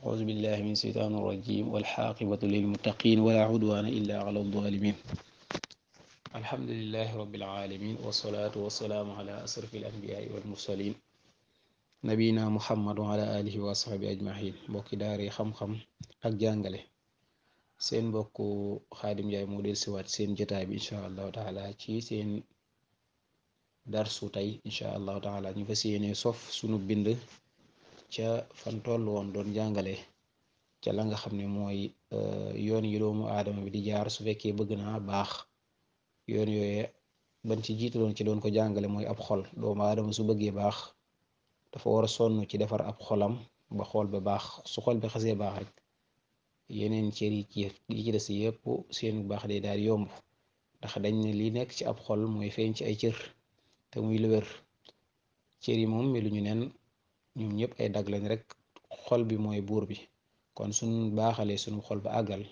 أعوذ بالله من الشيطان الرجيم والحاقبة للمتقين ولا عدوان إلا على الظالمين الحمد لله رب العالمين والصلاة والسلام على أشرف الأنبياء والمرسلين نبينا محمد وعلى آله وصحبه أجمعين بوكي داري خم خم ak jàngale seen mbokk Xaadim Njaay moo del siwaat seen jotaay bi incha allahu taala ci seen darsu tey incha allahu taala ñu fas yéene sof sunu bind ca fan toll woon doon jàngale ca la nga xam ne mooy eh, yoon yi doomu aadama bi di jaar su fekkee bëgg naa baax yoon yooye ban ci doon ci doon ko jàngale mooy ab xol doomu aadama su bëggee baax dafa war a sonn ci defar ab xolam ba xool ba baax su xol bi xasee baax rek yeneen cër yi ci yi ci des yépp seen baax day daal yomb ndax dañ ne li nekk ci ab xol mooy feeñ ci ay cër te muy lu wér cër yi moom meluñu neen ñoom ñëpp ay dag rek xol bi mooy buur bi kon suñ baaxalee suñu xol ba àggal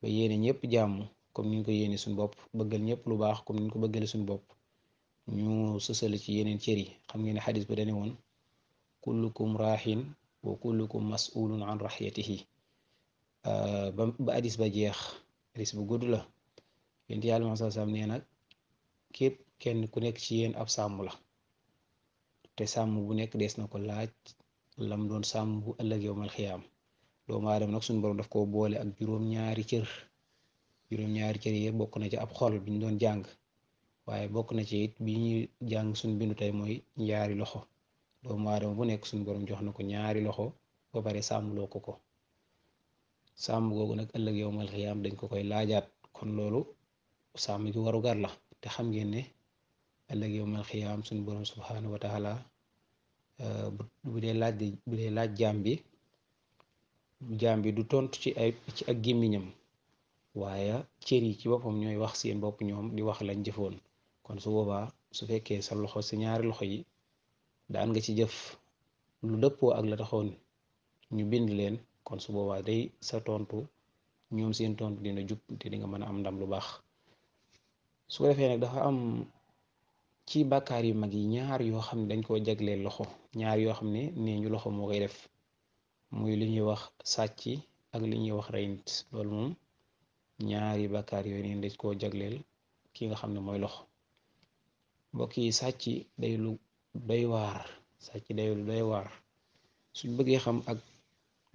ba yéene ñëpp jàmm comme niñ ko yéene suñu bopp bëggal ñëpp lu baax comme niñ ko bëggale suñu bopp ñu sësale ci yeneen cër yi xam nga ne xadis ba dane woon kullukum raaxin wa kullukum masulun an raxiyatihi euh, ba ba hadis ba jeex hadis bu gudd la yéen yàlla ma sa sam nee nag képp kenn ku nekk ci yéen ab sàmm la te sàmm bu nekk dees na ko laaj lam doon sàmm bu ëllëg yowmal xiyaam doomu aadama nag suñu borom daf koo boole ak juróom-ñaari cër juróom-ñaari cër bokk na ci ab xol bi ñu doon jàng waaye bokk na ci it bi ñuy jàng suñ bindu tey mooy ñaari loxo doomu aadama bu nekk suñu borom jox na ko ñaari loxo ba pare sàmmloo ko ko sàmm googu nag ëllëg yowmal xiyaam dañ ko koy laajaat kon loolu sàmm gi warugar la te xam ngeen ne ëllëg yowmal xiyaam suñu borom subhaanahu wa taala bu dee laaj bu dee laaj jaam bi jaam bi du tontu ci ay ci ak gémmiñam waaye cër yi ci boppam ñooy wax seen bopp ñoom di wax lañ jëfoon kon su boobaa su fekkee sa loxo sa ñaari loxo yi daan nga ci jëf lu dëppoo ak la taxoon ñu bind leen kon su boobaa day sa tontu ñoom seen tontu dina jub te di nga mën a am ndam lu baax su ko defee dafa am. ci bàkkaar yu mag yi ñaar yoo xam ne dañ koo jagleel loxo ñaar yoo xam ne nee ñu loxo moo koy def muy li ñuy wax sàcc ak li ñuy wax rey nit loolu moom ñaari bàkkaar yooyu neen dañ koo jagleel ki nga xam ne mooy loxo mbokk yi sàcc day lu doy waar sàcc day lu doy suñ bëggee xam ak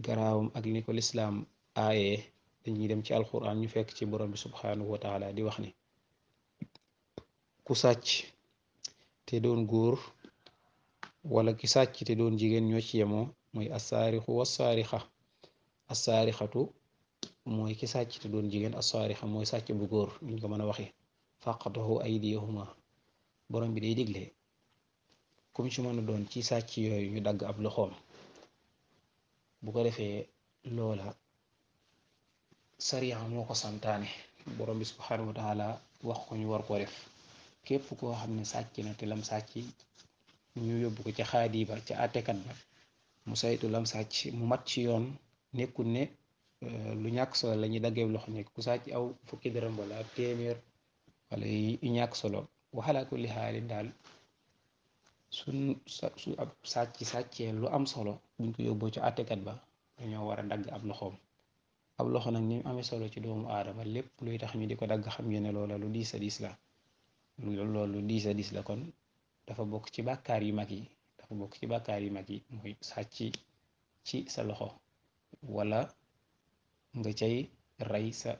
garaawam ak ni ko lislaam aaye dañuy dem ci alquran ñu fekk ci borom bi subhanahu wa di wax ni ku sàcc te doon góor wala ki sàcc te doon jigéen ñoo ci yemoo mooy assaarixu xa assaarixatu mooy ki sàcc te doon jigéen assaarixa mooy sàcc bu góor ñu ko mën a waxe faqatahu aydiyahuma borom bi day digle kum ci mën a doon ci sàcc yooyu ñu dagg ab loxoom bu ko defee loola sariya moo ko santaane borom bi subhanahu wa taala wax ko ñu war ko def képp koo xam ne sàcc na te lam sàcc ñu yóbbu ko ca xaadi ba ca àttekat ba mu saytu lam sàcc mu mat ci yoon nekkul ne euh, lu ñàkk solo la ñuy daggeeb loxo nekk ku sàcc aw fukki dërëm wala téeméer wala yu ñàkk solo waxalaa li xaalin daal suñ su ab sàcc sàccee lu am solo buñ ko yóbboo ca àttekat ba dañoo war a dagg am loxoom ab loxo nag ni mu amee solo ci doomu aadama lépp luy tax ñu di ko dagg xam ngeen ne loola lu diis diis la loolu di a diis la kon dafa bokk ci bàkkaar yu mag yi dafa bokk ci bàkkaar yu mag yi mooy ci sa loxo wala nga cay rey sa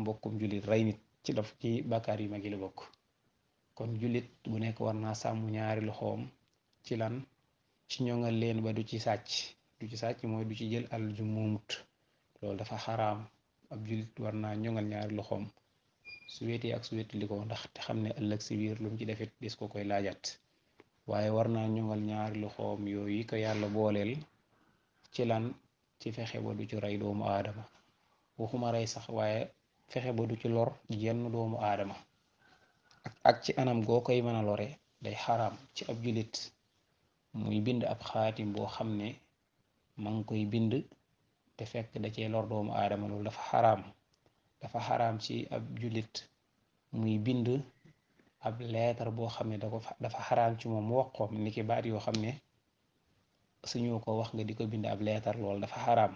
mbokkum julit rey nit ci daf ci bàkkaar yu mag yi la bokk kon julit bu nekk war naa sàmm ñaari loxoom ci lan ci ñoŋal leen ba du ci sàcc du ci sàcc mooy du ci jël alal ju moomut dafa xaraam ab julit war naa ñaari loxoom su wéetee ak su wéetali ko ndax te xam ne ëllëg si biir lu ci defit des ko koy laajaat waaye war naa ñoŋal ñaari loxoom yooyu ko yàlla booleel ci lan ci fexe ba du aadama waxuma rey sax waaye fexe ba du ci lor jenn doomu aadama ak ci anam goo koy mën lore day xaram ci ab jullit muy bind ab xaatim boo xam ne ma ngi koy bind te fekk da cee lor doomu aadama loolu dafa xaraam dafa xaraam ci ab jullit muy bind ab leetar boo xam ne da dafa xaraam ci moom mu wax ko ni baat yoo xam ne suñu ko wax nga di ko bind ab leetar lool dafa xaraam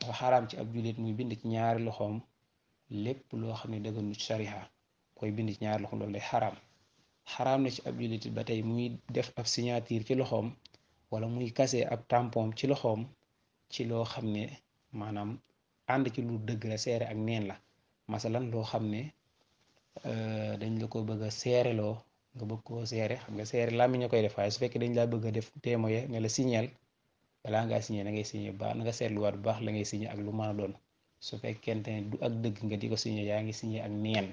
dafa xaraam ci ab jullit muy bind ci ñaari loxoom lépp loo xam ne dëgganu ci sariha koy bind ci ñaari loxoom loolu day xaram xaraam na ci ab jullit ba tey muy def ab signature ci loxoom wala muy kase ab tampon ci loxoom ci loo xam ne maanaam ànd ci lu dëgg seere ak neen la masalan loo xam ne euh, dañ la ko bëgg a seereloo nga bëgg koo seere xam nga seere làmmiñ a koy def waaye su fekkee dañ laa bëgg a def témoye ne la signal balaa ngaa signé na ngay signé bu baax na nga seetluwaat bu baax la ngay signé ak lu mën a doon su fekkente ne du ak dëgg nga di ko signé yaa ngi signé ak neen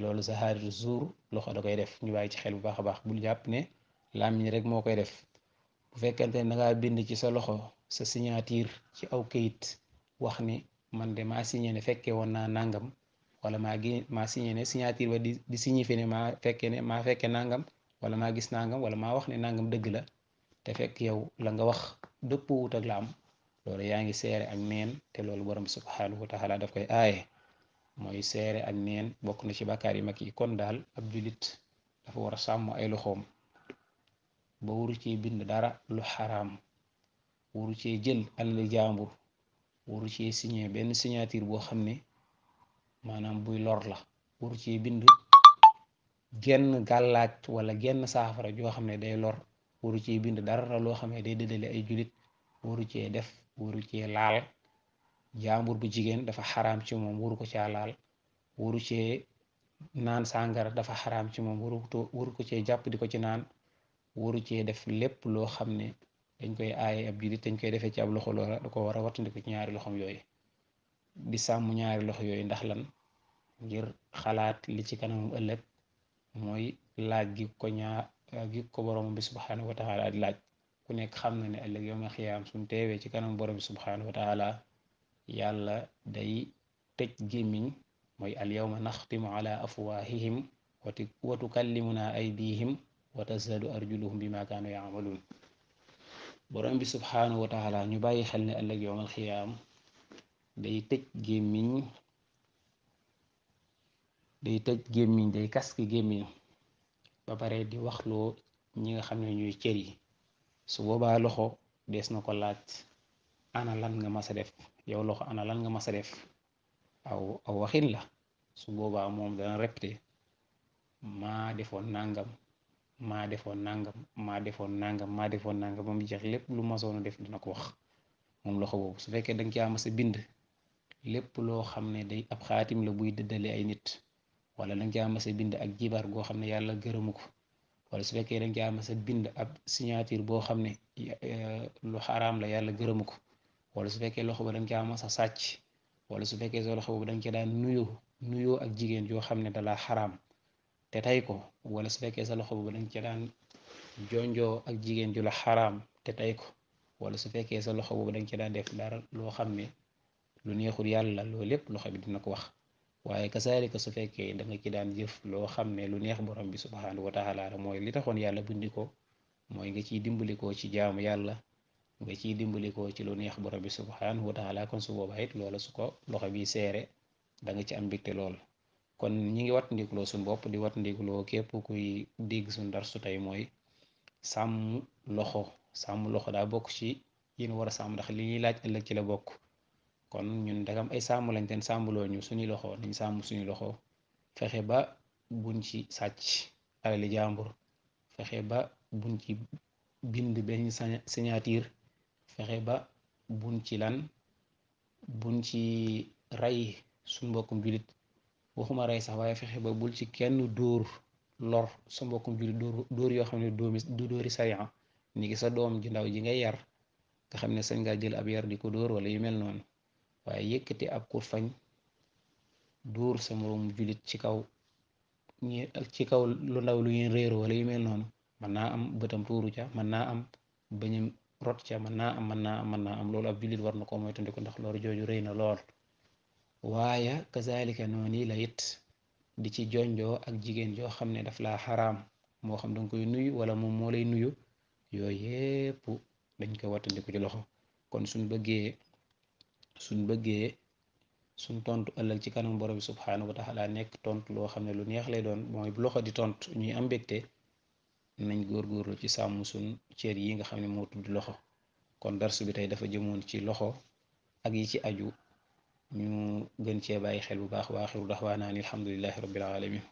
loolu sahaadatu zuur loxo da koy def ñu bàyyi ci xel bu baax a baax bul jàpp ne làmmiñ rek moo koy def bu fekkente ne da bind ci sa loxo sa signature ci aw kayit wax ni man de maa signé ne fekkee woon naa nangam wala ma maa signé ne signature ba ne maa fekkee nangam wala maa gis nangam wala ma wax ne nangam dëgg la te fekk yow la nga wax dëppoo wut ak la loolu yaa ngi seere ak neen te loolu borom subhanahu wa taala daf koy aaye mooy seere ak neen bokk na ci bàkkaar yu mag yi kon daal ab julit dafa war a sàmm ay loxoom ba wuru ci bind dara lu xaraam wuru jël alal jàmbur waru cee signé benn signature boo xam ne maanaam buy lor la waru cee bind genn gàllaaj wala genn saafara joo xam ne day lor waru cee bind dara loo xam ne day dëddale ay julit waru cee def waru cee laal jaambur bu jigéen dafa xaraam ci moom waru ko caa laal waru naan sàngara dafa xaraam ci moom waru waru ko cee jàpp ko ci naan waru cee def lépp loo xam ne dañ koy aaye ab jullit dañ koy defee ci ab loxo loola da ko war a wattandiku ñaari loxoom yooyu di sàmm ñaari loxo yooyu ndax lan ngir xalaat li ci kanam ëllëg mooy laaj gi ko ñaa ko borom bi subhaanahu wa taala laaj ku nekk xam na ne ëllëg yow ma xiyaam suñ teewee ci kanam borom bi subhaanahu wa taala yàlla day tëj gémmiñ mooy al yawma naxtimu ala afwaahihim wa tukallimuna aydihim wa tashhadu arjuluhum bima kaanu yaamaluun borom bi subxanahu wa taala ñu bàyyi xel ne ëllëg yowmal xiyaam day tëj gémmiñ day tëj gémmiñ day kask gémmiñ ba pare di waxloo ñi nga xam ne ñuy cër yi su boobaa loxo dees na ko laaj ana lan nga mas a def yow loxo ana lan nga mas a def aw aw waxin la su boobaa moom dana répété maa defoon nangam. maa defoon nangam maa defoon nangam maa defoon nangam ba mu jeex lépp lu masoon a def dina ko wax moom loxo boobu su fekkee da nga caa mas a bind lépp loo xam ne day ab xaatim la buy dëddale ay nit wala da nga caa mas a bind ak jibaar goo xam ne yàlla gërëmu ko wala su fekkee da nga caa mas a bind ab signature boo xam ne eh, lu xaraam la yàlla gërëmu ko wala su fekkee loxo ba da nga caa mas a sàcc wala su fekkee soo loxo boobu da nga caa daan nuyoo nuyoo ak jigéen joo xam ne dalaa xaraam. te tey ko wala su fekkee sa loxo boobu danga ci daan jonjoo ak jigéen ju la xaraam te tey ko wala su fekkee sa loxo boobu danga ci daan def dara loo xam ne lu neexul yàlla loolu lépp loxo bi dina ko wax waaye kasaalika su fekkee danga ci daan jëf loo xam ne lu neex borom bi subhaanahu wa taala la mooy li taxoon yàlla bindi ko mooy nga ciy dimbalikoo ci jaamu yàlla nga ciy dimbalikoo ci lu neex borom bi subhaanahu wa kon su boobaa it loola su ko loxo bi seere da nga ci am mbégte lool kon ñu ngi wat ndikuloo suñ bopp di wat ndikuloo képp kuy dégg suñ darsu tey mooy sàmm loxo sàmm loxo daa bokk ci yéen war a sàmm ndax li ñuy laaj ëllëg ci la bokk kon ñun dagam ay sàmm lañ teen sàmm loo ñu suñu loxo nañ sàmm suñu loxo fexe ba buñ ci sàcc alali jàmbur fexe ba buñ ci bind benn signature fexe ba buñ ci lan buñ ci ray suñ mbokkum julit waxuma ray sax waye fexé ba bul ci kenn door lor sa mbokum julli door yo xamné doomi du doori sayya ni gi sa dom ji ndaw ji nga yar nga xamné sañ jël ab yar di ko wala yu mel non waye yekati ab ko fagn door sa morom jullit ci kaw ñi ci kaw lu ndaw lu ñeen reer wala yu mel non man na am beutam puruja ca man na am bañum rot ca man na am mana na am mana am lola ab jullit war na ko moytandiku ndax loolu joju reyna waaye kazalika noonu la it di ci jonjoo ak jigéen joo xam ne daf laa xaraam moo xam danga koy nuyu wala moom moo lay nuyu yooyu yépp dañ koy wattandiku ci loxo kon suñ bëggee suñ bëggee suñ tontu ëllëg ci kanam borom bi subhaanahu wa taala nekk tontu loo xam ne lu neex lay doon mooy loxo di tontu ñuy am mbégte nañ góorgóorlu ci sàmm suñ cër yi nga xam ne moo tudd loxo kon darsu bi tey dafa jëmoon ci loxo ak yi ci aju ñu gën cee bàyyi xel bu baax waaxiru daxwaanaan alhamdulilahi rabbil alamin